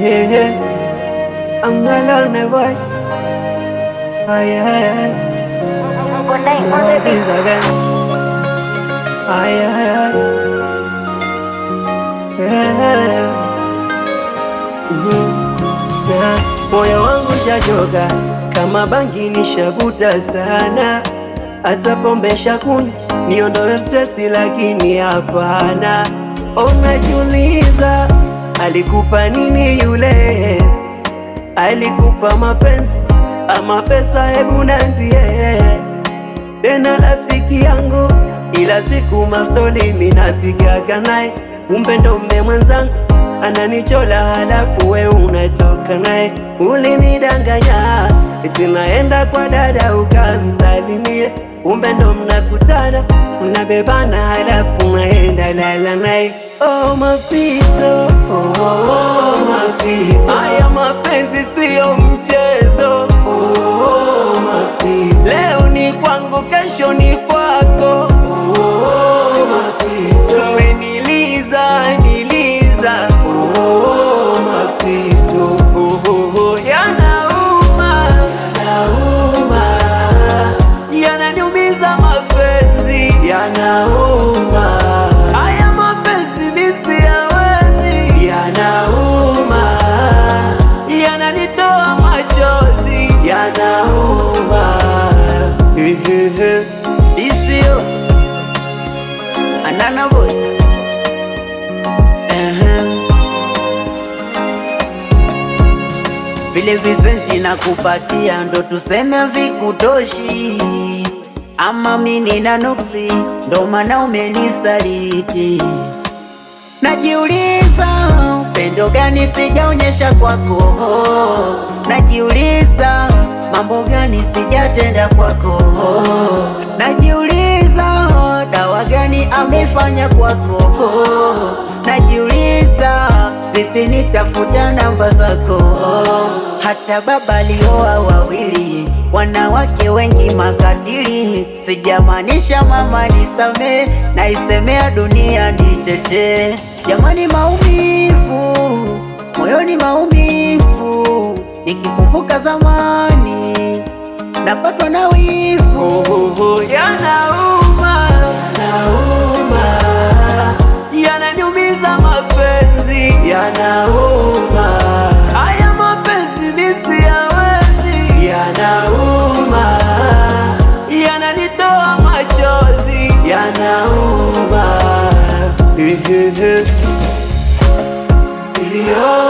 yeah, yeah. I'm alone, boy. Oh, yeah. Good night, Again. Oh, yeah, yeah. Mm-hmm. Yeah. Moyo wangu shachoka kama bangi nishavuta sana, hata pombe shakunywa niondoe stress, lakini hapana. Unajiuliza Alikupa nini yule? Alikupa mapenzi ama pesa? Hebu niambie tena, rafiki yangu, ila siku mastoli minapigaga naye, kumbe ndo mme mwenzangu ananichola, halafu we unatoka naye. Ulinidanganya eti naenda kwa dada ukamsalimie, kumbe ndo mnakutana mnabebana, halafu naenda lala naye. Oh, mapito oh, oh, mapito. Haya mapenzi siyo mchezo oh, oh, mapito. Leo ni kwangu, kesho ni kwako oh, oh, mapito. Umeniliza niliza oh, oh, mapito. Oh, oh, oh. Yanauma, yanauma, yananiumiza mapenzi yanauma Ghana boy. Vile uh -huh. visensi ndo tuseme vikutoshi, ama mini na nuksi ndo maana umenisaliti. Najiuliza pendo gani sijaonyesha kwako, najiuliza mambo gani sijatenda kwako, najiuliza gani amefanya kwako? Najiuliza vipi nitafuta namba zako? Hata baba alioa wawili, wanawake wengi makadiri. Sijamaanisha mama nisamee, naisemea dunia nitetee. Jamani, maumivu moyoni, maumivu nikikumbuka zamani, napatwa na wivu yana head. Yeah.